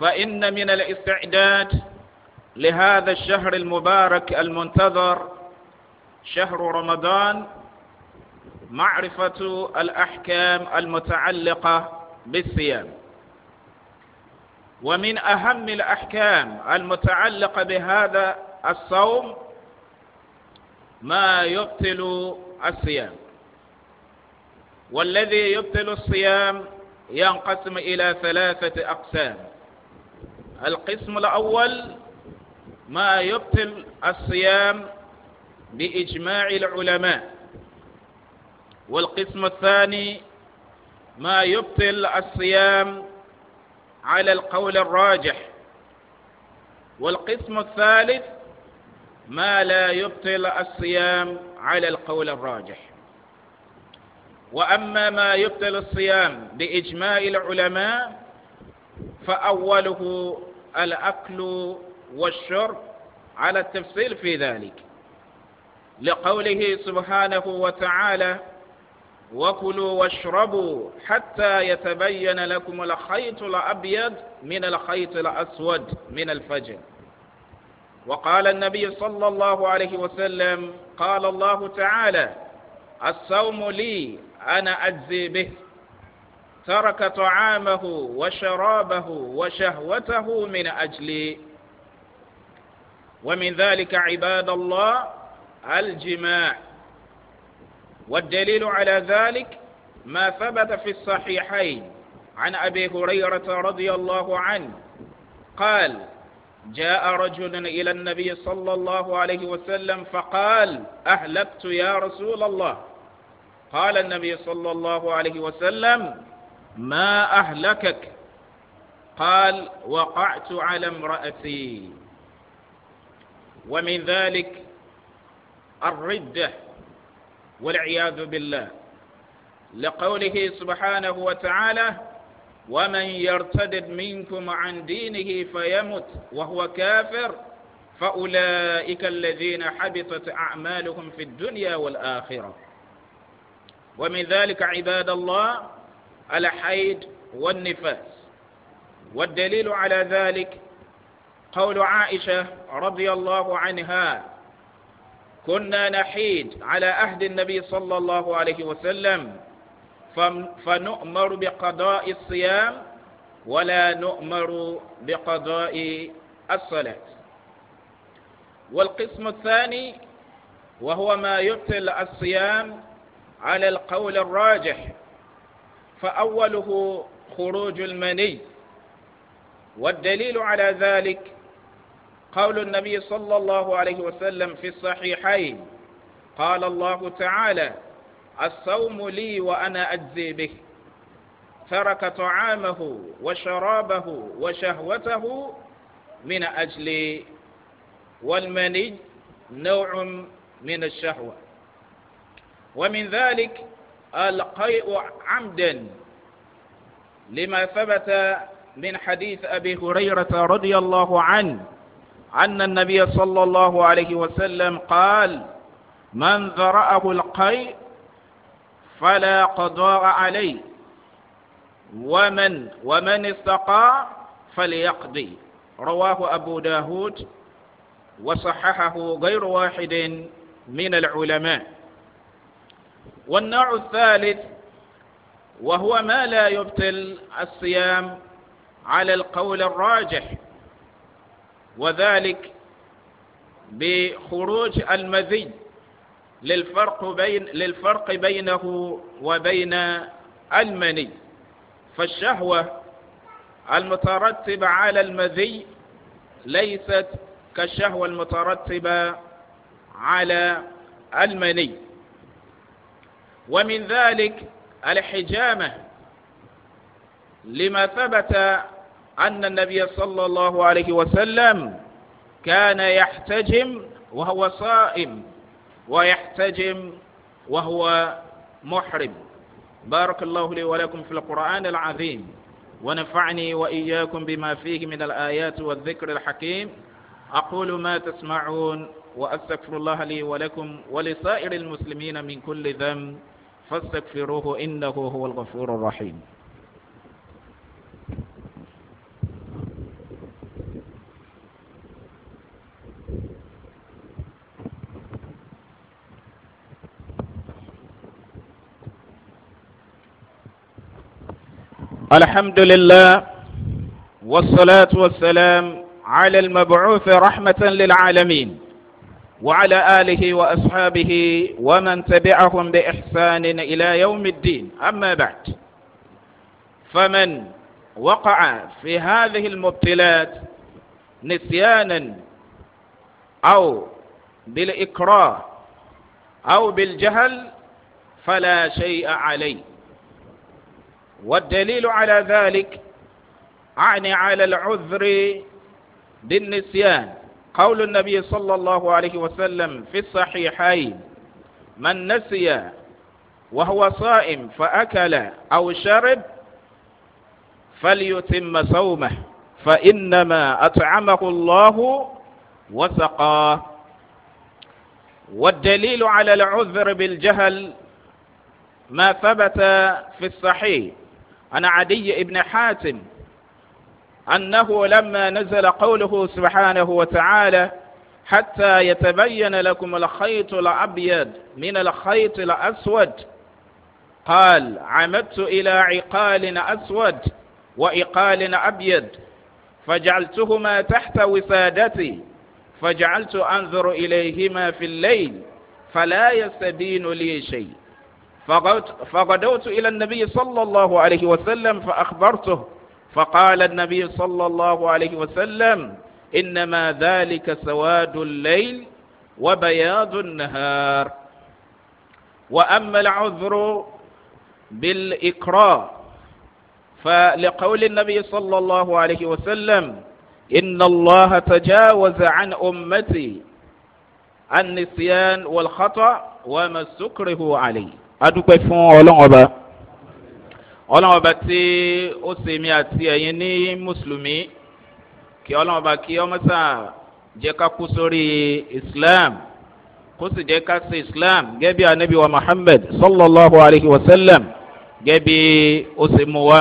فإن من الاستعداد لهذا الشهر المبارك المنتظر شهر رمضان معرفة الأحكام المتعلقة بالصيام ومن أهم الأحكام المتعلقة بهذا الصوم ما يبطل الصيام والذي يبطل الصيام ينقسم إلى ثلاثة أقسام القسم الأول ما يبطل الصيام بإجماع العلماء والقسم الثاني ما يبطل الصيام على القول الراجح والقسم الثالث ما لا يبطل الصيام على القول الراجح وأما ما يبطل الصيام بإجماع العلماء فأوله الأكل والشرب على التفصيل في ذلك لقوله سبحانه وتعالى وكلوا واشربوا حتى يتبين لكم الخيط الأبيض من الخيط الأسود من الفجر وقال النبي صلى الله عليه وسلم قال الله تعالى الصوم لي أنا أجزي به ترك طعامه وشرابه وشهوته من أجلي ومن ذلك عباد الله الجماع والدليل على ذلك ما ثبت في الصحيحين عن أبي هريرة رضي الله عنه قال جاء رجل إلى النبي صلى الله عليه وسلم فقال أهلكت يا رسول الله قال النبي صلى الله عليه وسلم ما أهلكك قال وقعت على امرأتي ومن ذلك الردة والعياذ بالله لقوله سبحانه وتعالى ومن يرتد منكم عن دينه فيمت وهو كافر فأولئك الذين حبطت أعمالهم في الدنيا والآخرة ومن ذلك عباد الله الحيد والنفاس والدليل على ذلك قول عائشة رضي الله عنها كنا نحيد على عهد النبي صلى الله عليه وسلم فنؤمر بقضاء الصيام ولا نؤمر بقضاء الصلاة والقسم الثاني وهو ما يبطل الصيام على القول الراجح فأوله خروج المني والدليل على ذلك قول النبي صلى الله عليه وسلم في الصحيحين قال الله تعالى الصوم لي وأنا أجزي به ترك طعامه وشرابه وشهوته من أجلي والمني نوع من الشهوة ومن ذلك القيء عمدا لما ثبت من حديث أبي هريرة رضي الله عنه أن النبي صلى الله عليه وسلم قال من ذرأه القيء فلا قضاء عليه ومن ومن استقى فليقضي رواه أبو داود وصححه غير واحد من العلماء والنوع الثالث وهو ما لا يبطل الصيام على القول الراجح وذلك بخروج المذي للفرق بين للفرق بينه وبين المني فالشهوة المترتبة على المذي ليست كالشهوة المترتبة على المني ومن ذلك الحجامة لما ثبت أن النبي صلى الله عليه وسلم كان يحتجم وهو صائم ويحتجم وهو محرم بارك الله لي ولكم في القرآن العظيم ونفعني وإياكم بما فيه من الآيات والذكر الحكيم أقول ما تسمعون وأستغفر الله لي ولكم ولسائر المسلمين من كل ذنب فاستغفروه إنه هو الغفور الرحيم الحمد لله والصلاة والسلام على المبعوث رحمة للعالمين وعلى آله وأصحابه ومن تبعهم بإحسان إلى يوم الدين أما بعد فمن وقع في هذه المبتلات نسيانا أو بالإكراه أو بالجهل فلا شيء عليه والدليل على ذلك أعني على العذر بالنسيان قول النبي صلى الله عليه وسلم في الصحيحين من نسي وهو صائم فأكل أو شرب فليتم صومه فإنما أطعمه الله وسقاه والدليل على العذر بالجهل ما ثبت في الصحيح أن عدي بن حاتم أنه لما نزل قوله سبحانه وتعالى حتى يتبين لكم الخيط الأبيض من الخيط الأسود قال عمدت إلى عقال أسود وإقال أبيض فجعلتهما تحت وسادتي فجعلت أنظر إليهما في الليل فلا يستبين لي شيء فغدوت إلى النبي صلى الله عليه وسلم فأخبرته فقال النبي صلى الله عليه وسلم إنما ذلك سواد الليل وبياض النهار وأما العذر بالإكراه فلقول النبي صلى الله عليه وسلم إن الله تجاوز عن أمتي النسيان والخطأ وما سكره عليه أدوك فون أولون ọlọ́run ọba tí ó ṣe mí àti ẹ̀yin ní mùsùlùmí kí ọlọ́run ọba kí ọmọ sáà jẹ́ ká kú sórí islam kó sì jẹ́ ká ṣe islam gẹ́bí anabi wa muhammed sallallahu alayhi wa sallam gẹ́bí ó ṣe mú wa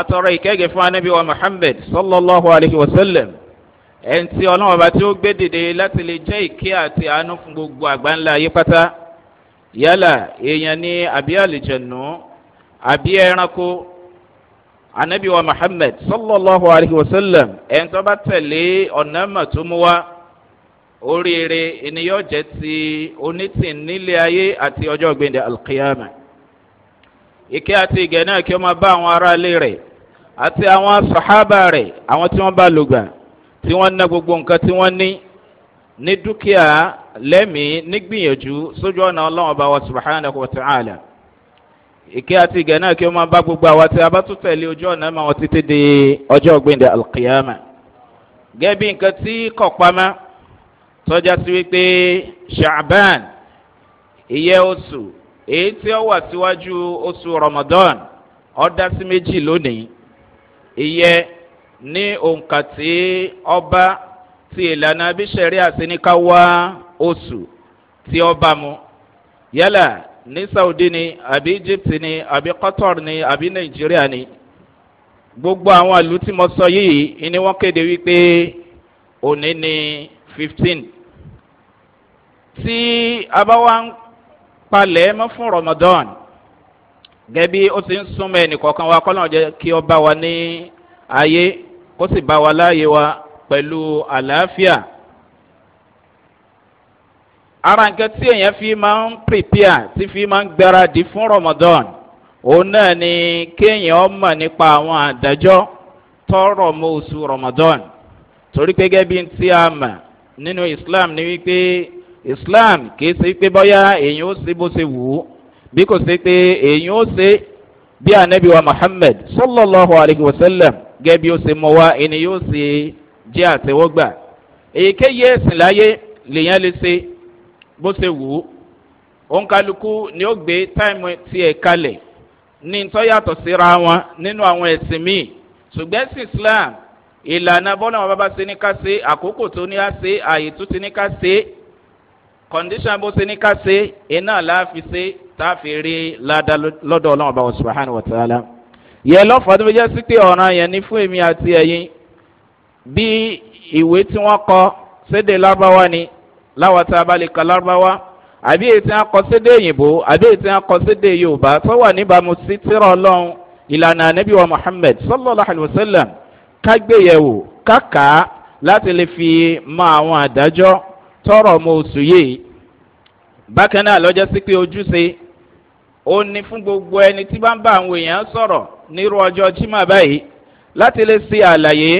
atọ́rọ ìkẹ́gẹ́ fún anabi wa muhammed sallallahu alayhi wa sallam ẹni tí ọlọ́run ọba tí ó gbé dìde láti lè jẹ́ ìkẹ́ àti àánú fún gbogbo àgbáńlá ayé yálà èèyàn ní àbí àlìjẹ̀nù àbí ẹranko anabi wa muhammed sallallahu alayhi wa sallam ẹni tó bá tẹ̀lé ọ̀nà màtúmúwa oríire ènìyàn jẹ́ ti onítìn nílé ayé àti ọjọ́ gbẹ̀ndẹ̀ alqiyama ike àti ìgẹ̀ náà kí ó máa bá àwọn aráalé rẹ̀ àti àwọn sàhábà rẹ̀ àwọn tí wọ́n bá lùgbà tí wọ́n ná gbogbo nǹkan tí wọ́n ní ní dúkìá lẹ́mìí nígbìyànjú sójú ọ̀nà ọlọ́run ọba wa subhanahu wa ta'ala. ike àti ìgẹ̀ náà kí ó máa bá gbogbo àwa tí a bá tún tẹ̀lé ojú ọ̀nà máa wọ́n títí di ọjọ́ ọ̀gbìndẹ̀ alkiyama gẹ́bí nǹkan tí kọ̀pamọ́ tọ́já sí wípé shaban iye oṣù èyí tí ó wà síwájú oṣù ramadan ọ̀dá sí méjì lónìí ìyẹ́ ní òǹkà tí ọba ti ìlànà abíṣẹ̀rí àsìníkà wá oṣù tí ọba mu yálà ní saudi ni àbí egypt ni àbí qatar ni àbí nàìjíríà ni gbogbo àwọn ìlú tí mo sọ yìí ni wọ́n kéde wípé òní ni fifteen tí a bá wá ń palẹ̀ mọ́ fún ramadan gẹ́bí ó ti ń súnmọ́ ẹnìkọ̀ọ̀kan wa kọ́lọ́n jẹ́ kí ọ bá wa ní ayé kó sì bá wa láàyè wa pẹ̀lú àlàáfíà ara nǹkan tí èèyàn fi máa ń prepare tí fi máa ń gbáradì fún ramadan òun náà ni kéèyàn mọ̀ nípa àwọn àdájọ́ tọrọ mọ oṣù ramadan torí pé gẹ́gẹ́ bí ti a mọ̀ nínú islam ni wípé islam kìí ṣe pé bọ́yá èèyàn ó ṣe bó ṣe wù ú bí kò ṣe pé èèyàn ó ṣe bí anabi wa muhammed sallallahu alayhi wa sallam gẹ́gẹ́ bí ó ṣe mọ wá ẹni yóò ṣe jẹ́ àtẹwọ́gbà èyíkéyìí ẹ̀sìn láyé lèèyàn lè ṣe bó ṣe wù ú òǹkálukú ni ó gbé táìmù tiẹ̀ kalẹ̀ ní tọ́yàtọ̀ síra wọn nínú àwọn ẹ̀sìn míì ṣùgbọ́n ẹ̀sìn islam ìlànà bọ́lá wọn bá ṣe ní ká ṣe àkókò tó ní á ṣe àyè tó ti ní ká ṣe kọ̀ǹdíṣàn bó ṣe ní ká ṣe iná láàfin ṣe tá a fi rí ládà lọ́dọ̀ ọlọ́run ọba ọ̀ṣùpáhánì wọ̀tálá yẹ lọ́fọ̀ọ́ tó fi jẹ́ sí pé ọ̀ràn yẹn ní fún èmi àti ẹ̀yin bí ìwé tí wọ́n kọ sédè lábáwá ni láwa tá a bá lè ka lárúbáwá àbí ètí akọsídé òyìnbó àbí ètí akọsídé yorùbá tó wà níbàámu sí tíra ọlọ́run ìlànà anabi wa muhammed sallallahu alayhi wa sallam kágbéyẹ̀wò káka láti lè fi mọ àwọn àdájọ́ tọrọ ọmọ oṣù yìí bákan náà lọ́jọ́ sí pé ojúṣe ó ní fún gbogbo ẹni tí bá ń bá àwọn èèyàn sọ̀rọ̀ nírú ọjọ́ jimá báyìí láti lè ṣe àlàyé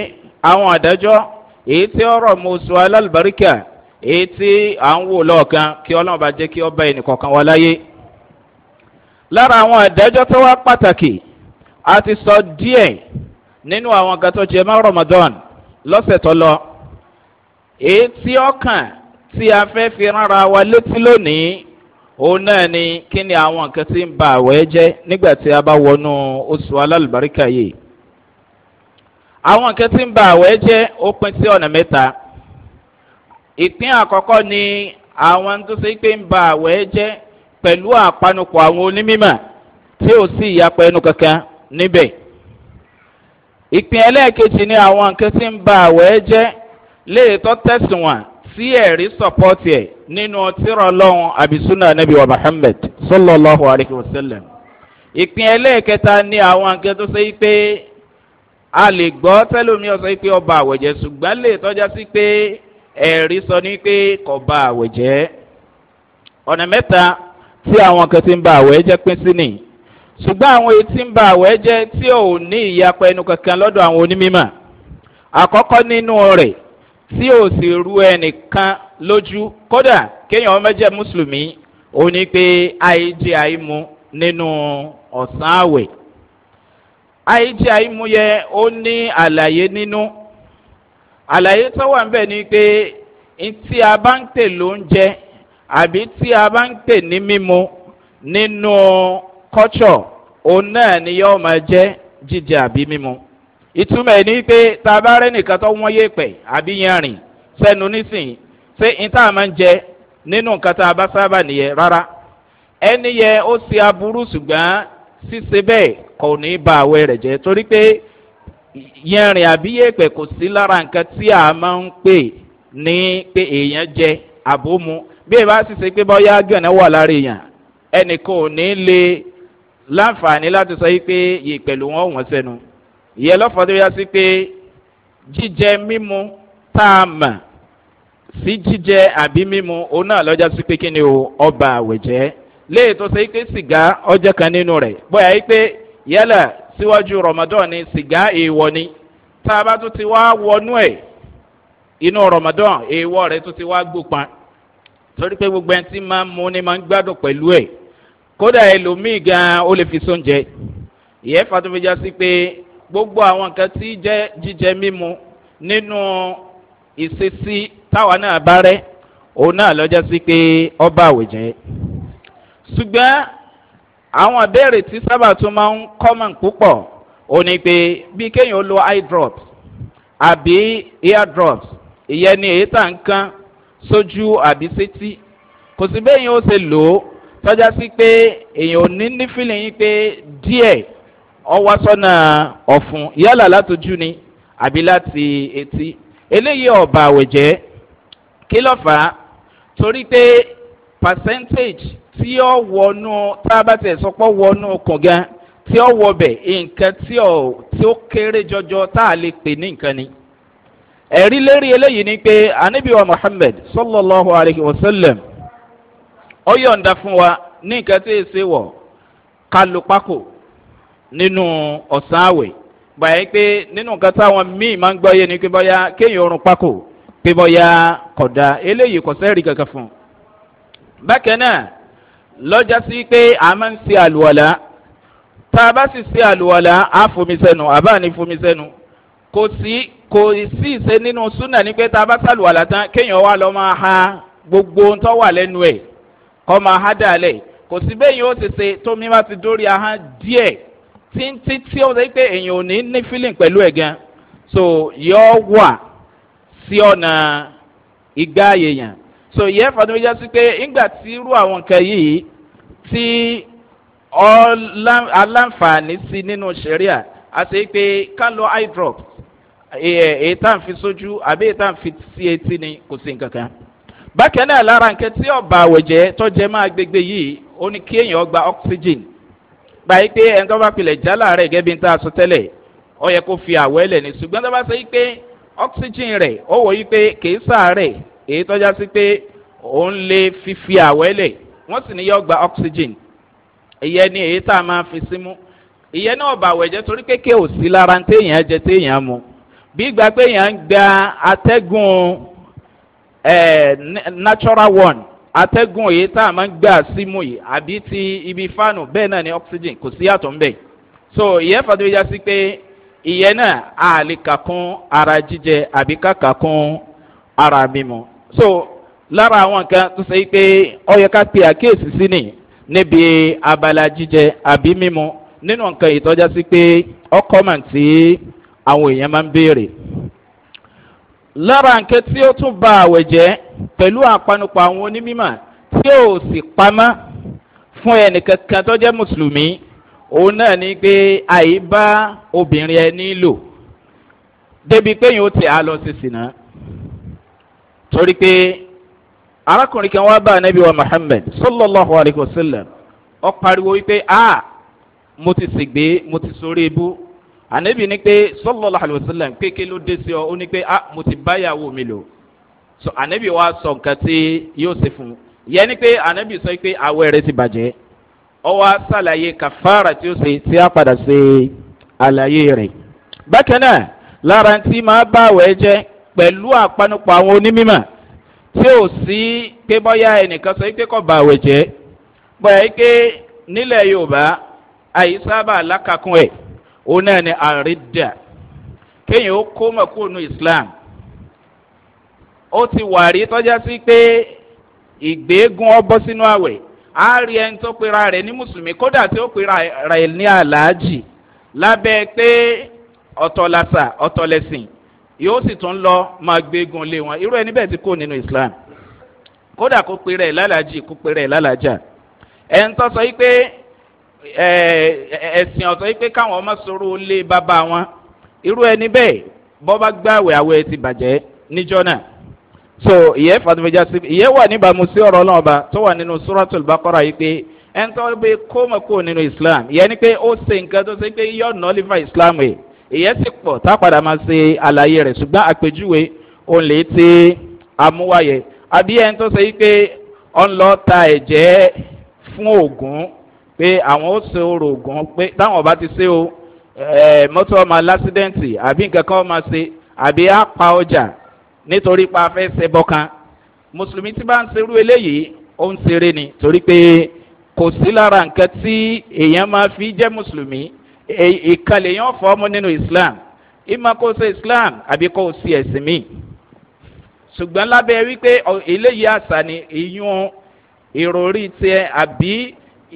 àwọn àdájọ́ èyí tí ọ̀rọ̀ mọ̀ọ́sù alálùbáríkà èyí tí à ń wò lọ́ọ̀kan kí ọlọ́run bá jẹ́ kí ọba ẹnìkọ̀ọ̀kan wá láyé lára àwọn ìdájọ́ tó wá pàtàkì a ti sọ díẹ̀ nínú àwọn nǹkan tó jẹ mọ́ ramadan lọ́sẹ̀ tó lọ èyí tí ọkàn tí a fẹ́ fi rárá wa létí lónìí òun náà ni kí ni àwọn nǹkan tí ń ba àwẹ̀ jẹ́ nígbà tí a bá wọnú oṣù alálùbáríkà yìí àwọn nǹkan tí ń ba àwẹ̀ jẹ́ ó pin sí ọ̀nà mẹ́ta. ìpín àkọ́kọ́ ni àwọn tó ṣe pé ń ba àwẹ̀ jẹ́ pẹ̀lú àpanupọ̀ àwọn onímọ̀ tí ò sí ìyapa ẹnu kankan níbẹ̀. ìpín ẹlẹ́ẹ̀kejì ni àwọn nǹkan tí ń ba àwẹ̀ jẹ́ léètọ́ tẹ̀sùn sí ẹ̀rí sọ̀pọ́tì ẹ̀ nínú tírọ̀ lọ́hùn àbísúnà nàbí wa muhammed sallallahu alayhi wa ni àwọn nǹkan tó ṣe pé a lè gbọ́ tẹ́lómi ọ̀sẹ̀ pé ọba àwẹ̀jẹ̀ ẹ̀rí sọ ní pé kò bá àwẹ̀ jẹ́ ọ̀nà mẹ́ta tí àwọn kan ti ń ba àwẹ̀ jẹ́ pín sí nì ṣùgbọ́n àwọn èyí ti ń ba àwẹ̀ jẹ́ tí ò ní ìyapa ẹnu kankan lọ́dọ̀ àwọn onímọ̀ àkọ́kọ́ nínú rẹ̀ tí ò sì ru ẹnìkan lójú kódà kéèyàn ọmọ jẹ́ mùsùlùmí ó ní pé àìjẹ àìmu nínú ọ̀sán àwẹ̀ àìjẹ àìmu yẹ ó ní àlàyé nínú àlàyé tó wà ń bẹ̀ ni pé tí a bá ń tè lóúnjẹ àbí tí a bá ń tè ní mímu nínú culture òun náà ni yóò máa jẹ́ jíjẹ àbí mímu ìtumọ̀ ẹ̀ ni pé tá a bá rẹ́ nìkan tó wọ́n yéèpẹ̀ àbí yanrìn sẹ́nu nísìnyí ṣé ìta máa ń jẹ nínú nǹkan tá a bá sábà nìyẹn rárá ẹni yẹn ó ṣe aburú ṣùgbọ́n ṣíṣe bẹ́ẹ̀ kò ní í ba àwẹ̀ rẹ̀ jẹ́ torí pé yẹrin àbí yẹ̀pẹ̀ kò sí lára nǹkan tí a máa ń pè ní pé èèyàn jẹ àbómu bí ìbá sì ṣe pé bọ́yá gànà wà lára èèyàn ẹnìkan ò ní lè láǹfààní láti sọ yìí pé yẹ̀pẹ̀ ló wọ́n wọ́n sẹ́nu ìyẹn lọ́fọ̀ọ́ tó yá sí pé jíjẹ mímu tá a mọ̀ sí jíjẹ àbí mímu òun náà lọ́jà sí pé kí ni o ọba àwẹ̀ jẹ́ léè tó ṣe pé sìgá ọjọ́ kan nínú rẹ̀ bọ́yá yìí pé yálà síwájú ramadan ni sìgá èèwọ̀ ni tá a bá tún ti wá wọnú ẹ̀ inú ramadan èèwọ̀ rẹ̀ tún ti wá gbópa torí pé gbogbo ẹni tí máa ń mu ni máa ń gbádùn pẹ̀lú ẹ̀ kódà ẹlòmíì gan ó lè fi sóúnjẹ ìyẹn fatúnfẹjá sí pé gbogbo àwọn nǹkan tí jẹ́ jíjẹ mímu nínú ìṣesí táwa náà bá rẹ́ òun náà lọ́jọ́ sí pé ọba àwòjẹ́ ṣùgbọ́n àwọn ìbéèrè tí sábà tún máa ń kọ́mọ̀n púpọ̀ ò ní pé bí kéèyàn lo eye drops àbí ear drops ìyẹn ni èyí tà ń kán sójú àbí sétí kò sí béèyàn ó ṣe lò ó tọ́já sí pé èèyàn ò ní ní fílẹ̀ yín pé díẹ̀ ọwọ́ sọ́nà ọ̀fun yálà látọjú ni àbí láti etí eléyìí ọ̀bà àwẹ̀jẹ́ kí ló fà á torí pé percentage tí ọ wọnú tá a sọpọ tẹ̀ sọpọ́ wọnú tí ó nǹkan tí ó tí ó kéré jọjọ tá a lè pè ní nǹkan ni. ẹ̀rí lérí eléyìí ni pé anabiwa muhammed sallallahu alayhi wa sallam yọ̀ǹda fún wa ní nǹkan tí èsè wọ̀ kálùpákò nínú ọ̀sán àwẹ̀ báyìí pé nínú nǹkan táwọn míì máa ń gbọ́ yé ni pé bọ́yá kéèyàn pákò pé bọ́yá kọ̀dá eléyìí lọ́jà sí pé a máa ń ṣe àlùwàlà tá a bá sì ṣe àlùwàlà á fomi sẹ́nu àbá ní fomi sẹ́nu kò sí kò sí ìṣe nínú súnà ní pé tá a bá ṣàlùwàlà tán kéèyàn wá lọ́ máa ha gbogbo ohun tó wà lẹ́nu ẹ̀ kọ́ máa há dàlẹ̀ kò sí bẹ́ẹ̀ yóò ti ṣe tómi bá ti dórí ahọ́n díẹ̀ títí tí ó ṣe pé èèyàn ò ní ní feeling pẹ̀lú ẹ̀ gan so yọ wà sí ọ̀nà ìgbà yẹ̀yàn so ìyẹn fàdúmí já sí pé ńgbà tí irú àwọn nǹkan yìí tí aláǹfààní sí nínú sẹ̀ríà àti pé ká lọ eye drop èyí tá à ń fi sójú àbí èyí tá à ń fi sí etí ni kò sí nǹkan kan bákan náà lára nǹkan tí ọba àwẹ̀jẹ́ tọ́jẹ́ máa gbégbé yìí ó ní kí èèyàn gba oxygen gbàyí pé ẹni tó bá pilẹ̀ já láàárẹ̀ gẹ́gẹ́ bí n ta sọ tẹ́lẹ̀ ọ yẹ kó fi àwẹ̀ lẹ̀ ní ṣùgbọ́n tó bá sọ yìí pé oxygen rẹ̀ ó wọ̀ yìí pé kì í sàárẹ̀ èyí tọ́já sí pé òun lè fífi àwẹ́lẹ̀ wọ́n sì ní yọ gba oxygen ìyẹn ni èyí tá a máa fi símú ìyẹn náà bà wẹ̀jẹ̀ torí kéèké ò sí lára téèyàn jẹ téèyàn mu bí gba pé èèyàn ń gba atẹ́gùn natural one atẹ́gùn èyí tá a máa ń gbà símú yìí àbí ti ibi fáànù bẹ́ẹ̀ náà ni oxygen kò sí yàtọ̀ ńbẹ̀ so ìyẹn fàdúrà yá sí pé ìyẹn náà a lè kà kún ara jíjẹ àbí kàkà ara mímu so lára àwọn nǹkan tó ṣe pé ọyọ ká pe àkíyèsí sí ni níbi abala jíjẹ àbí mímu nínú nǹkan ìtọ́já sí pé ọkọ̀ mà tí àwọn èèyàn máa ń béèrè lára nǹkan tí ó tún ba àwẹ̀ jẹ́ pẹ̀lú àpanupọ̀ àwọn onímọ̀ tí ò sì pamọ́ fún ẹnìkankan tó jẹ́ mùsùlùmí òun náà ni pé àyíbá obìnrin ẹni lò débi pé yóò ti àlọ́ sí sìnà torí pé arákùnrin kan wá bá anabi wa muhammed sallallahu alayhi wa sallam ọ pariwo wípé a mo ti sègbé mo ti sórí ibú anabi ni pé sallallahu alayhi wa sallam kéèké ló dé sí ọ ó ní pé a mo ti báyàwó mi lò so anabi wa sọ nǹkan tí yóò ṣe fún un yẹn ni pé anabi sọ pé awọ rẹ ti bàjẹ́ ọ wá sàlàyé kàfàrà tí ó ṣe tí a padà ṣe àlàyé rẹ bákan náà lára tí máa bá àwọ̀ ẹ pẹ̀lú àpanupọ̀ àwọn onímọ̀ tí ò sí pé bọ́yá ẹnìkan sọ pé kò bá àwẹ̀ jẹ́ bọ́yá pé nílẹ̀ yorùbá àyíṣábà alákàkún ẹ̀ òun náà ni àrídà kéèyàn ó kó mọ̀kúnnù islam ó ti wà rí tọ́já sí pé ìgbéegun ọbọ̀ sínú àwẹ̀ á rí ẹni tó pera rẹ̀ ní mùsùlùmí kódà tí ó pera rẹ̀ ní àlàájì lábẹ́ pé ọ̀tọ̀ làṣà ọ̀tọ̀ lẹ̀sìn yóò sì tún lọ máa gbégun lé wọn irú ẹni bẹ́ẹ̀ ti kó nínú islam kódà kó pe rẹ̀ lálàjì kó pe rẹ̀ lálàjà ẹni tó sọ wípé ẹ̀sìn ọ̀sọ́ wípé káwọn ọmọ sọ̀rọ̀ lé bàbá wọn irú ẹni bẹ́ẹ̀ bọ́ bá àwẹ̀ ti bàjẹ́ níjọ́ náà so ìyẹ́ fàtúfẹ́jà sí ìyẹ́ wà níbàámu sí ọ̀rọ̀ náà ọba tó wà nínú suratul bakora yìí pé ẹni tó bẹ kó mọ̀ kó nínú islam ìyẹn ni pé ó se nǹkan tó ṣe pé yọ̀ọ̀nà oliver islam yìí ìyẹn sì pọ̀ tá a padà máa ṣe àlàyé rẹ̀ ṣùgbọ́n àpèjúwe òun lè ti amúwáyẹ àbí ẹni tó ṣe pé ọ̀n lọ ta ẹ̀jẹ̀ fún ògùn pé àwọn ó ṣe orò ògùn pé táwọn ọba ti ṣe o eh, mọ́tò ọmọ lásídẹ́ǹtì àbí nǹkan kan máa ṣe àbí á pa ọjà nítorí pa afẹ́ ṣẹbọ kan mùsùlùmí tí bá ń ṣerú eléyìí ó ń ṣeré ni torí pé kò sí lára nǹkan tí èèyàn máa fi jẹ́ mùsùlùmí ìkàlẹ̀ yẹn fọ́ ọmọ nínú islam ìmọ̀ kó ṣe islam àbí kó ṣe ẹ̀sìn mi ṣùgbọ́n lábẹ́ wípé eléyìí àṣà ni ìyún ìròrí tiẹ̀ àbí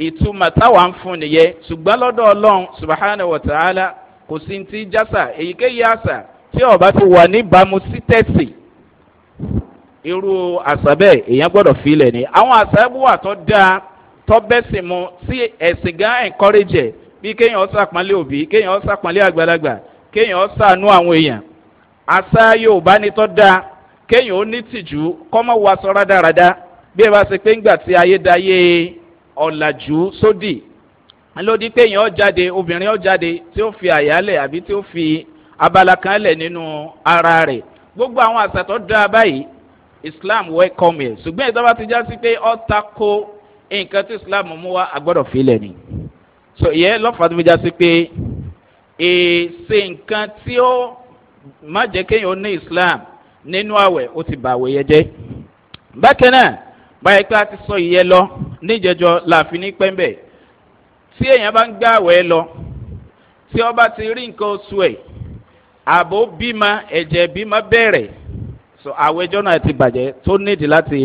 ìtumọ̀ táwa ń fún nìyẹn ṣùgbọ́n lọ́dọ̀ ọlọ́run subahana wa ta'ala kò sí ti jásà èyíkéyìí àṣà tí ọba ti wà níbàámu sí tẹ̀sì irú àṣà bẹ́ẹ̀ èèyàn gbọ́dọ̀ fi ilẹ̀ ni àwọn àṣà wà tó dáa tó bẹ́sìn mu sí ẹ̀sìn gan encourage bí kéèyàn sàpọ́nlé òbí kéèyàn sàpọ́nlé àgbàlagbà kéèyàn sànú àwọn èèyàn àṣà yorùbá ni tọ́ da kéèyàn ó ní tìjú kọ́mọ wa sọ rádaràda bí ẹ bá ṣe pé ńgbà tí ayédáyé ọ̀làjú sódì lódì kéèyàn ó jáde obìnrin ó jáde tí ó fi àyálẹ̀ àbí tí ó fi abala kan lẹ̀ nínú ara rẹ̀ gbogbo àwọn àṣà tó dáa báyìí islam welcome ẹ̀ ṣùgbọ́n ìjọba ti já sí pé ọ́ ta ko nǹkan tí islam mú wa àgbọ̀dọ̀ fi lẹ̀ ni so ìyẹn lọ́fà tó fi já sí pé èsè nǹkan tí ó má jẹ́ kéèyàn ní islam nínú àwẹ̀ ó ti bàwẹ̀ yẹn jẹ́ bákan náà báyìí pé a ti sọ ìyẹn lọ níjẹjọ láàfin ní pẹ́ńbẹ́ tí èèyàn bá ń gbé àwẹ̀ lọ tí ọba ti rí nǹkan oṣù ẹ̀ àbò bímọ ẹ̀jẹ̀ bímọ bẹ̀rẹ̀ so àwẹjọ́ náà ti bàjẹ́ tó nídìí láti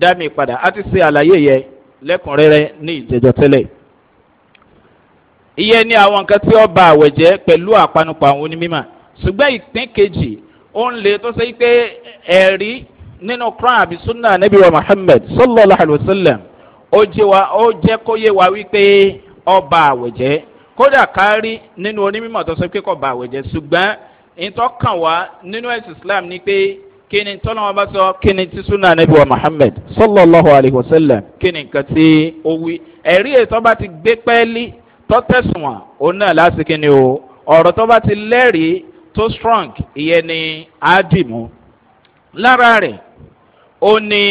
dá mi padà a ti ṣe àlàyé yẹn lẹ́kùnrẹ́rẹ́ ní ìjẹjọ tẹ́lẹ̀ ìyẹn ní àwọn nǹkan tí ó ba àwẹ̀ jẹ́ pẹ̀lú àpanupọ̀ àwọn onímọ̀ ṣùgbọ́n ìpín kejì ó ń lè tó ṣe pé ẹ̀rí nínú quran àbí sunna anabi wa muhammed sallallahu alayhi wa sallam ó jẹ́ kó yé wa wípé ọba àwẹ̀ jẹ́ kódà kárí nínú onímọ̀ tó ṣe pé kò ba àwẹ̀ jẹ́ ṣùgbọ́n ìtọ́kàn wá nínú ẹ̀sìn islam ni pé kí ni tọ́lọ́mọ bá sọ kí ni tí sunna anabi wa muhammed sallallahu alayhi wa sallam kí ni nǹkan tí ó wí ẹ̀rí ètò bá ti gbé pẹ́ẹ́lí tọ́tẹ̀sùnwọ̀n òun náà lásìkò ni o ọ̀rọ̀ tó bá ti lẹ́rìí tó strong ìyẹn ni á dì mú lára rẹ̀ ó ní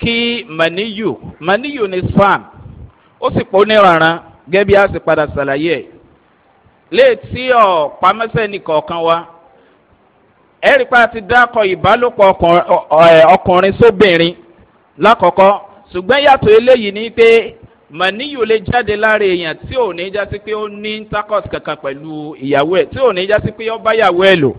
kí maniyu maniyu ni spam ó sì pọ̀ níranran gẹ́gẹ́ bí a sì padà ṣàlàyé ẹ̀ léètí ọ̀pamẹ́sẹ̀ nìkọ̀ọ̀kan wa ẹ̀rípa ti dákọ̀ ìbálòpọ̀ ọkùnrin sóbìnrin lákọ̀ọ́kọ́ ṣùgbọ́n yàtọ̀ eléyìí ni pé màníyù lè jáde lára èèyàn tí ò ní jásí pé ó ní intercourse kankan pẹ̀lú ìyàwó ẹ̀ tí ò ní jásí pé ó bá yàwó ẹ̀ lò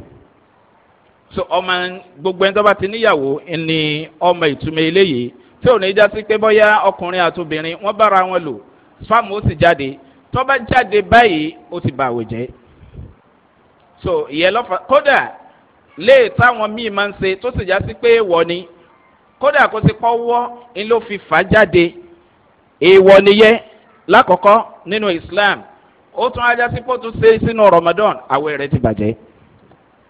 so ọmọ gbogbo ẹni tó bá ti níyàwó ni ọmọ ìtumọ̀ eléyìí tí ò ní jásí pé bóyá ọkùnrin àti obìnrin wọ́n bára wọn lò fáàmù ó sì jáde tó bá jáde báyìí ó ti bà àwẹ̀ jẹ́ so ìyẹn lọ́fà kódà léè táwọn míì máa ń ṣe tó sì jásí pé wọ́n ni kódà kó ti pọ́ wọ́ ni ló fi fà jáde èèwọ̀ nìyẹn lákọ̀ọ́kọ́ nínú islam ó tún ajá sí pọ́tù ṣe sínú ramadan àwẹ̀ rẹ̀ ti bàjẹ́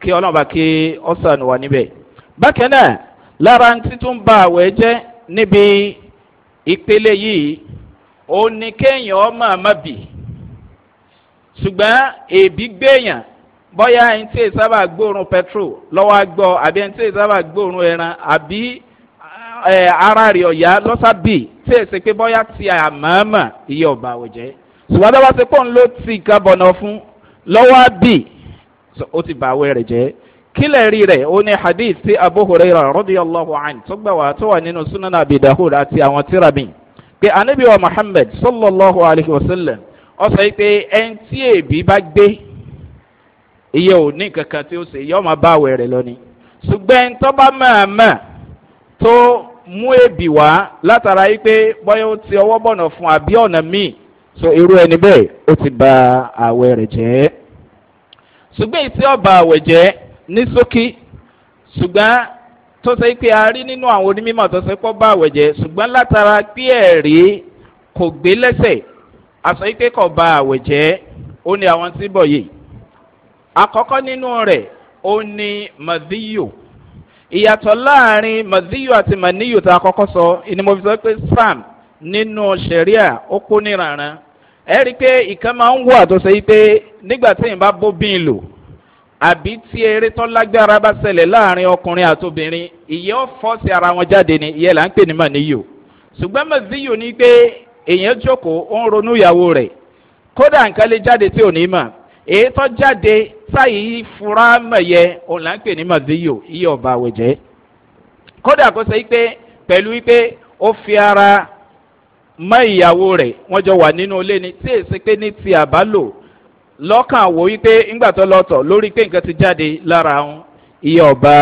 kí ọlọ́ọ̀bá kí ọ̀sán wà níbẹ̀. bákan náà lára títún ba àwẹ̀ jẹ́ níbi ìpele yìí ó ní kéèyàn ọmọ àmọ́ bì ṣùgbọ́n èbí gbéyàn bọ́yá ẹni tí èyí sábà gbóòórùn petrol lọ́wọ́ á gbọ́ àbí ẹni tí èyí sábà gbóòórùn ẹran àbí ara rẹ̀ ọ̀yá lọ́sàbì tí èsì pé bọ́yá ti àmọ́mọ́ iye ọ̀bà àwòjẹ́ ṣùgbọ́n tó bá ti pọ́n ló ti nǹkan bọ̀nà fún lọ́wọ́ bì ó ti bà àwẹ̀ rẹ̀ jẹ́ kílẹ̀ rẹ̀ ó ní hadith tí abúhure rà rọ́bì ọlọ́hu àn tó gbà wá tó wà nínú sunan abidahur àti àwọn tíramì pé anabi muhammed sallallahu alayhi wa sallam ọ sọ pé ẹni tí èbí bá gbé iye ò ní kankan tí ó ṣe yọ ọmọ bá àwẹ̀ rẹ̀ lọ ni ṣùgbọ́n tó bá mọ̀ọ́mọ̀ tó mú èbì wá látara yìí pé bọ́yá ó ti ọwọ́ bọ̀nà fún àbí ọ̀nà míì so irú ẹni bẹ́ẹ̀ ó ti ba àwẹ̀ rẹ̀ jẹ́ ṣùgbọ́n ìtí ọba àwẹ̀ jẹ́ ní sókí ṣùgbọ́n tó ṣe pé a rí nínú àwọn onímọ̀ tó ṣe pọ́ bá àwẹ̀ jẹ́ ṣùgbọ́n látara pé ẹ̀rí kò gbé lẹ́sẹ̀ àṣọ yìí kò ba àwẹ̀ jẹ́ ó ní àwọn tí bọ̀ yìí àkọ́kọ́ nínú rẹ̀ ó ní mọ̀díyò ìyàtọ̀ láàrin maziyu àti maniyu tá a kọ́kọ́ sọ ìní mo fi sọ pé sam nínú sẹ̀ríà ó kó níranran ẹ rí i pé ìkan máa ń wà tó ṣe yí pé nígbà tí ìbá bóbin lò àbí tí eré tó lágbára bá ṣẹlẹ̀ láàrin ọkùnrin àti ìyẹn ó fọ́ọ̀sì ara wọn jáde ni ìyẹn là ń pè ní maniyu ṣùgbọ́n maziyu ni pé èèyàn jókòó ó ń ronú ìyàwó rẹ̀ kódà nǹkan lè jáde tí ò ní mọ̀ èyí tó jáde sáyìí fura mẹ̀yẹ òun là ń pè ní màdíyò iye ọba àwẹ̀jẹ́ kódà kó sẹ́yìn pé pẹ̀lú ó fi ara mọ ìyàwó rẹ wọn jọ wà nínú ilé ni tí èsì pé ní ti àbálò lọ́kàn wò wípé ńgbà tó lórí pé nǹkan ti jáde lára òun iye ọba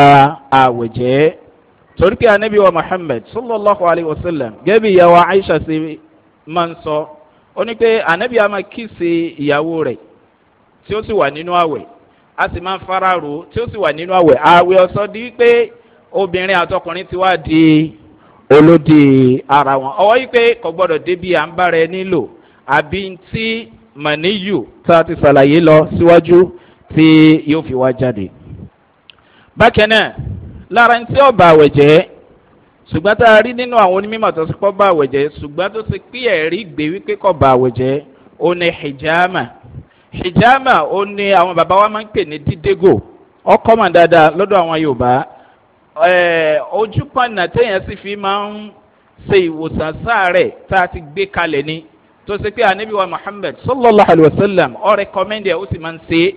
àwẹ̀jẹ́ torí pé muhammed sallallahu alayhi wa sallam ìyàwó aisha máa ń sọ ó ní pé anabi tí ó sì wà nínú àwẹ̀ a sì máa ń fara rò tí ó sì wà nínú àwẹ̀ àwẹ̀ ọ̀sán di pé obìnrin àtọkùnrin ti wá di olódi ara wọn ọwọ́ yìí pé kò gbọ́dọ̀ débi à ń bára ẹ nílò àbí tí màníyù tá a ti ṣàlàyé lọ síwájú tí yóò fi wá jáde. bákan náà lára ń tí ọba àwẹ̀ jẹ́ ṣùgbọ́n tá a rí nínú àwọn onímọ̀ tó ti kọ́ bá àwẹ̀ jẹ́ ṣùgbọ́n tó ti pín ẹ̀rí gbé wípé kọ́ bá àwẹ̀ jẹ́ ó ní hijama hijama ó ní àwọn bàbá wa máa ń pè ní dídégò ọkọ mà dáadáa lọ́dọ̀ àwọn yorùbá ojú pọnà téèyàn sì fi máa ń ṣe ìwòsàn sáàrẹ̀ tá a ti gbé kalẹ̀ ni tó ṣe pé anabi wa muhammed sallallahu alayhi wa sallam ọ rẹkọmẹ́ndì ẹ̀ ó sì máa ń ṣe é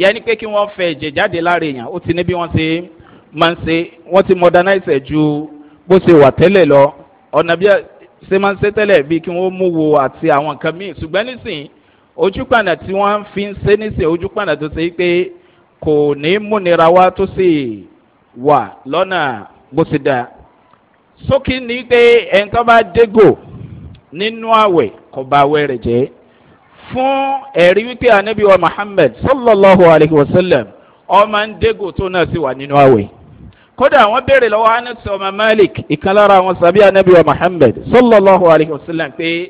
yẹni pé kí wọ́n fẹ̀ ẹ̀jẹ̀ jáde lára èèyàn ó ti ní bí wọ́n ṣe máa ń ṣe wọ́n ti modernize ẹ̀ ju bó ṣe wà tẹ́lẹ̀ lọ ọ̀nà bí ṣe máa ń ṣe tẹ́lẹ̀ bí kí wọ́n mú wo àti àwọn nǹkan míì ṣùgbọ́n nísìnyí ojúpànà tí wọ́n fi ń ṣe nísìn ojúpànà tó ṣe pé kò ní múnira wá tó sì wà lọ́nà bó ṣe dáa sókè ní pé ẹni bá dégò nínú àwẹ̀ kò bá àwẹ̀ rẹ̀ jẹ́ fún ẹ̀rí wípé anabi wa muhammed sallallahu alayhi wa sallam ọmọ ń dégò tó náà sì wà nínú àwẹ̀ kódà àwọn béèrè lọ́wọ́ anas ọmọ malik ìkan lára àwọn sàbí anabi wa muhammed sallallahu alayhi wa sallam pé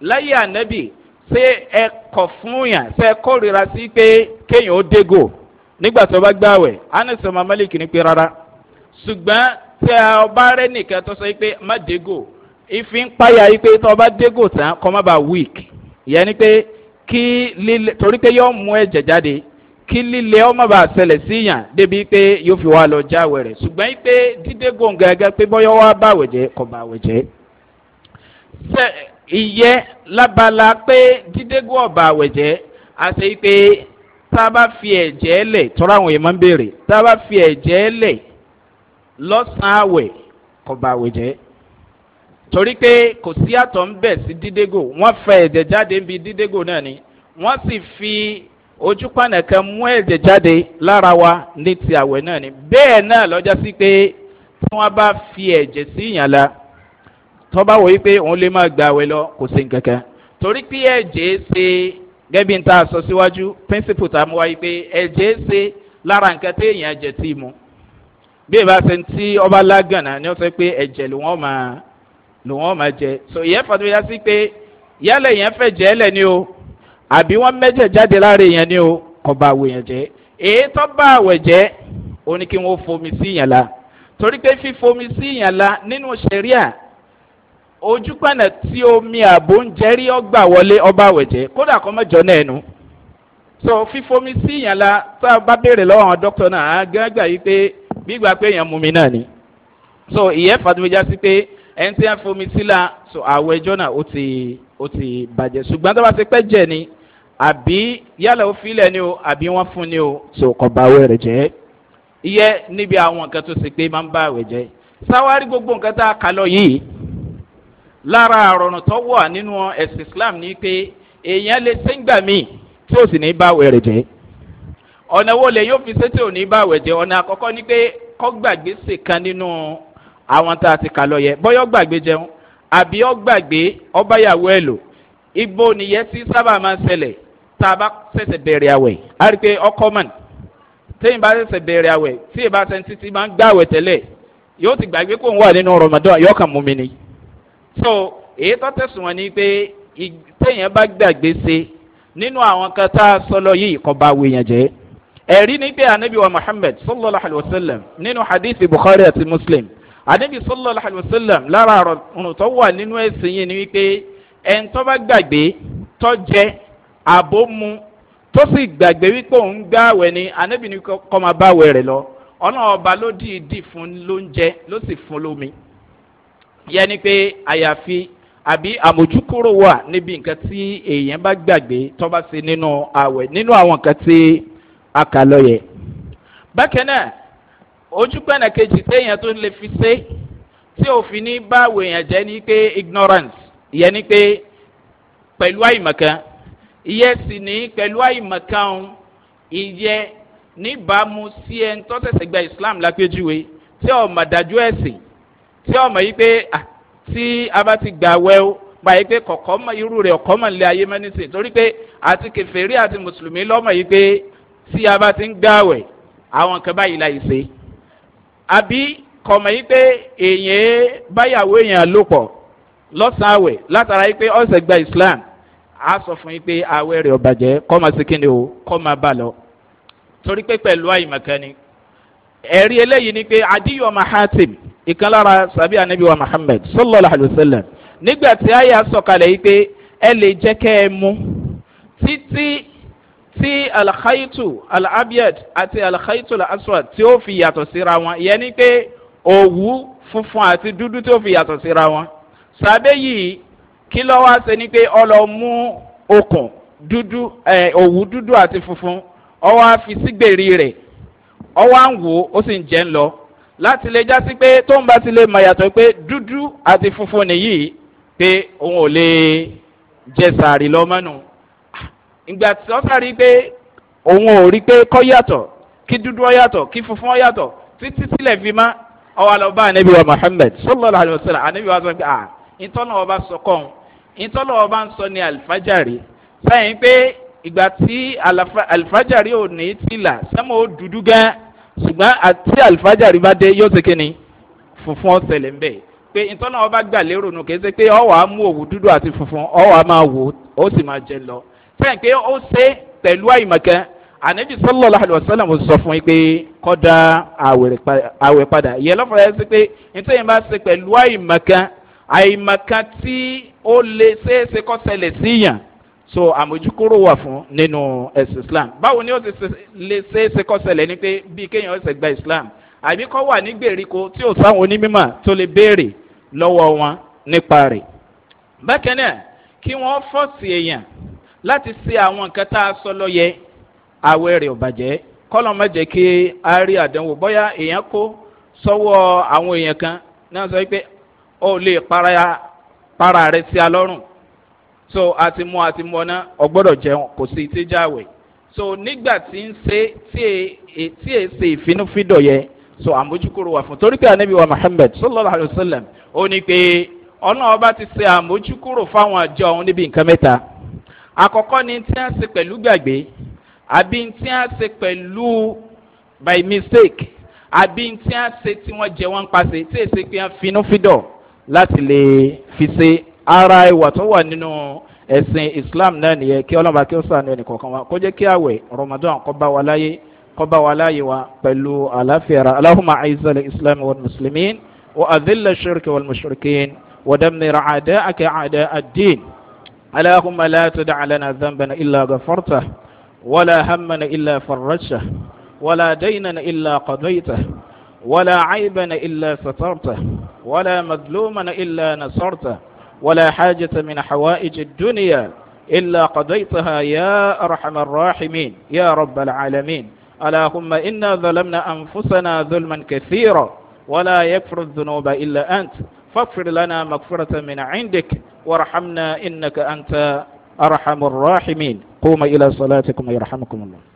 láyé anabi ṣé ẹ kọ̀ fún yàn ṣé ẹ kórira sí pé kéèyàn ó dégò nígbà tó bá gbàwẹ̀ anisa mamalik ní pé rárá ṣùgbọ́n tí a bá rẹ nìkan tó sọ pé má dégò ìfi ń páyà yìí pé tó bá dégò tán kọ́ má bàa wíìk ìyẹn ni pé kí líle torí pé yóò mú ẹ̀jẹ̀ jáde kí líle ọ má bàa ṣẹlẹ̀ sí yàn débi pé yóò fi wá lọ jáwé rẹ̀ ṣùgbọ́n pé dídégò gẹ́gẹ́ pé bọ́yọ́ wá bàwẹ̀ jẹ́ kọ́ bàwẹ̀ jẹ́ ìyẹ́ lábala pé dídégún ọ̀bà àwẹ̀jẹ́ àti pé tá a bá fi ẹ̀jẹ̀ lẹ̀ tọ́ra àwọn èèyàn máa ń béèrè tá a bá fi ẹ̀jẹ̀ lẹ̀ lọ́sàn-án àwẹ̀ kọ̀bà àwẹ̀jẹ́ torí pé kò sí àtọ̀ ń bẹ̀ sí dídégún wọ́n fẹ́ ẹ̀jẹ̀ jáde níbi dídégún náà ni wọ́n sì fi ojú pàna kan mú ẹ̀jẹ̀ jáde lára wa ní ti àwẹ̀ náà ni bẹ́ẹ̀ náà lọ́jọ́ sí pé tí wọ́n bá fi ẹ̀jẹ̀ sí ìyànlá. Si tọ́ba wòye pé òun lè máa gbà wẹ̀ lọ kò sí nkankan torí pé ẹ̀jẹ̀ ṣe gẹ́bí ta sọ síwájú píńsípù tá a mú wáyé pé ẹ̀jẹ̀ ṣe lára nǹkan tí èèyàn jẹ tí mu bí ìbá ṣe tí ọba lágànà ni ó sọ pé ẹ̀jẹ̀ ló wọ́n máa jẹ so ìyẹn fọdún yá sí pé yálẹ̀ yẹn fẹ́ jẹ́ ẹlẹ̀ ni o àbí wọ́n mẹ́jẹ̀ jáde lára èèyàn ni o kọ́ bá àwẹ̀ yẹn jẹ́ èyí tó bá àwẹ̀ jẹ́ ó ní kí wọ́n fomi sí yàn torí pé fífomi sí yàn nínú sẹ̀ríà ojúpẹ̀nà tí omi àbò ń jẹ́rí ọgbà wọlé ọba àwẹ̀jẹ́ kódà kọ́ mọ́jọ náà ẹnu. so fífomi sí ìyàn la tá a bá béèrè lọ́wọ́ àwọn dókítà náà á gbàgbà yìí pé gbígbà pé èèyàn mú náà ni. so ìyẹn fàtúmíjà sí pé ẹni tí wọ́n fomi sí la so àwọ̀ ẹjọ́ náà ó ti ó ti bàjẹ́ ṣùgbọ́n tó bá ti pẹ́ jẹ́ ni àbí yálà ó filẹ̀ ni o àbí wọ́n fún ni o so kò bá àwẹ̀ rẹ̀ jẹ́ ìyẹn níbi àwọn nǹkan tó ṣe pé máa ń bá àwẹ̀ sáwárí gbogbo nǹkan tá a kà lọ yìí lára àrọ̀nà tó wà nínú ẹ̀sìn islam ni pé èèyàn lè sẹ́ngbà míì tí ó sì ní bá wẹ̀rẹ̀ jẹ́ ọ̀nà wo lè yóò fi ṣe tí ò ní bá wẹ̀ jẹ́ ọ̀nà àkọ́kọ́ ni pé kọ́ gbàgbé sè kan nínú àwọn tá a ti kà lọ yẹ bọ́yọ́ gbàgbé jẹun àbí ọ́ gbàgbé ọbàyàwó ẹ̀ lò ibo nìyẹn tí sábà máa ń ṣẹlẹ̀ tá a bá ṣẹ̀ṣẹ̀ bẹ̀rẹ̀ àwẹ̀ á rí i pé ọkọ mọ̀ téyìn bá ṣẹ̀ṣẹ̀ bẹ̀rẹ̀ àwẹ̀ tí ì bá ṣe títí máa ń gbàwẹ̀ tẹ́lẹ̀ yóò ti gbàgbé kóun wà nínú rọmọdán yọkàn mú mi ni so èyí tó tẹ̀sùn wọn ni pé téèyàn bá gbàgbé ṣe nínú àwọn kan tá a sọ lọ yìí kọ́ bá wèèyàn jẹ́ ẹ̀rí ni pé anabi wa muhammed sallallahu alayhi wa sallam nínú hadithi bukhari àti muslim anabi sallallahu alayhi wa sallam lára ọ̀rùn tó wà nínú ẹ̀sìn yìí ni wípé ẹni tó bá gbàgbé tó jẹ àbómu tó sì gbàgbé wípé òun gbàwẹ̀ ni anabi ni kọ́ máa báwẹ̀ rẹ̀ lọ ọ̀nà ọba ló dìídì fún lóúnjẹ ló sì fún lómi yẹni pé àyàfi àbí àmójúkúrò wà níbi nǹkan tí èèyàn bá gbàgbé tó bá se nínú àwẹ̀ nínú àwọn nǹkan tí a kà lọ yẹ. bákan náà ojúpẹ̀nà kejì téèyàn tó lè fi ṣe tí òfin ní bá wèèyàn jẹ́ ní pé ignorance ìyẹn ni pé pẹ̀lú àìmọ̀kan ìyẹn sì ní pẹ̀lú àìmọ̀kan ìyẹn níbàámu sí ẹni tó tẹ̀sẹ̀ gba islam lápẹ́jùwe tí ọ̀ mọ̀dájú ẹ̀sìn tí ọmọ yìí pé tí a bá ti gbà wẹ́ o gba yìí pé kọ̀kọ́ mọ irú rẹ̀ ọ̀kọ́ mọ̀ nílé ayé mẹ́nísìn torí pé àti kẹfẹ́rí àti mùsùlùmí lọ́mọ yìí pé tí a bá ti ń gbàwẹ̀ àwọn kan báyìí láì ṣe àbí kọ̀mọ̀ yìí pé èèyàn báyàwó èèyàn lò pọ̀ lọ́sàn-án àwẹ̀ látara yìí pé ọ̀sẹ̀ gba islam a sọ fún yìí pé àwẹ̀ rẹ̀ ọ̀bàjẹ́ kọ́ máa ṣe kíni o kọ́ máa bà lọ torí pé pẹ̀lú àyìnmọ̀kẹ́ni ẹ̀rí eléyìí ni pé adíyọ̀ mahatim ìkan lára sàbí anabi wa muhammed sallallahu alayhi wa sallam nígbà tí àyà sọ̀kalẹ̀ yìí pé ẹ lè jẹ́ kẹ́ ẹ mú títí tí alkhaitu alabiad àti alkhaitu alaswad tí ó fi yàtọ̀ síra wọn ìyẹn ni pé òwú funfun àti dúdú tí ó fi yàtọ̀ síra wọn sàbẹ̀ yìí kí lọ́ wá ṣe ni pé ọlọ́ mú okùn dúdú ẹ òwú dúdú àti funfun ọwọ́ á fi sígbèrè rẹ̀ ọwọ́ à ń wò ó sì ń jẹ́ ń lọ láti lè jásí pé tó ń bá ti lè mọ̀ yàtọ̀ pé dúdú àti funfun nìyí pé òun ò lè jẹ sàárì lọ́mọ́nù ìgbà tí wọ́n sáré pé òun ò rí pé kọ́ yàtọ̀ kí dúdú ọ yàtọ̀ kí funfun ọ yàtọ̀ títí sílẹ̀ fi má ọwọ́ lọ bá anabi wa muhammed sallallahu alayhi wa sallam anabi wa sọ pé ah ìtọ́nà ọba sọ kọ́ ọ́n ìtọ́nà ọba ń sọ ní alifajari sẹ́yìn pé ìgbà tí alifajari ò ní tìlà sẹ́mu ó dúdú gan-an ṣùgbọ́n àti àlùfájàrí bá dé yóò ṣe kí ni funfun ọ̀sẹ̀lẹ̀ ń bẹ̀ pé ìtọ́nà ọba gbà lérò nù kì í ṣe pé ọwọ́ á mú òwú dúdú àti funfun ọwọ́ á máa wò ó sì máa jẹ lọ sẹ́yìn pé ó ṣe pẹ̀lú àyìnmọ̀kẹ́ ànábì sọ́lọ́ làlùwà sọ́lá mo sọ fún yín pé kọ́ da àwẹ̀ padà ìyẹn lọ́fọ̀ yẹn sí pé ìtọ́yìn bá ṣe pẹ̀lú àyìnmọ̀kẹ́ àyìnmọ̀kẹ́ tí ó lè ṣeéṣe kọ́ ṣẹlẹ̀ síyàn so àmójúkúrò wà fún nínú ẹ̀sìn islam báwo ni ó ti lè ṣeéṣe kọ́sẹ̀lẹ̀ ni pé bíi kéèyàn ẹ̀sẹ̀ gba islam àbí kọ́ wà ní gbèríko tí ò sáwọn onímọ̀ tó lè béèrè lọ́wọ́ wọn nípa rẹ̀ bákan náà kí wọ́n fọ́ọ̀sì èèyàn láti ṣe àwọn nǹkan tá a sọ lọ́yẹ àwẹ̀ rẹ̀ ò bàjẹ́ kọ́lọ̀ má jẹ́ kí a rí àdánwò bóyá èèyàn kó sọ́wọ́ àwọn èèyàn kan náà sọ pé ó lè para rẹ̀ sí alọ́rùn so àti mú àti mú ọ̀nà ọgbọ́dọ̀ jẹun kò sí ti jáwèé so nígbà tí ń ṣe tí è tí è ṣe ìfinúfídọ̀ yẹ so àmójúkúrò wà fún torí pé anabi wa muhammed sallallahu alayhi wa sallam ó ní pé ọ̀nà ọba ti ṣe àmójúkúrò fáwọn àjọ òun níbi nǹkan mẹ́ta àkọ́kọ́ ni tí a ṣe pẹ̀lú gbàgbé àbí tí a ṣe pẹ̀lú by mistake àbí tí a ṣe tí wọ́n jẹ wọ́n ń pàṣẹ tí èsì pé a finúfídọ̀ láti lè fi ṣe ara ìwà tó wà nínú ẹ̀sìn islam náà nìyẹn kí ọlọ́mọba kí ó sànù ẹnìkọ̀ọ̀kan wa kó jẹ́ kí àwẹ̀ ramadan kọ́ bá wa láyé kọ́ bá wa láyé wa pẹ̀lú àlàáfíà ra aláhùnmá àìsàn islam wa mùsùlùmí wa àdìlẹ̀ ṣirki wa mùsùlùmí wa dàmìnira àdá àkẹ́ àdá àdín aláhùnmá láti àlànà dàmbẹ̀nà ilà gàfọ́rta wàlà hàmàna ilà farrasha wàlà dàynana ilà qadayta wàlà cayban ilà satarta wàlà madlumana ilà nasarta. ولا حاجة من حوائج الدنيا إلا قضيتها يا أرحم الراحمين يا رب العالمين اللهم إنا ظلمنا أنفسنا ظلما كثيرا ولا يكفر الذنوب إلا أنت فاغفر لنا مغفرة من عندك وارحمنا إنك أنت أرحم الراحمين قوم إلى صلاتكم يرحمكم الله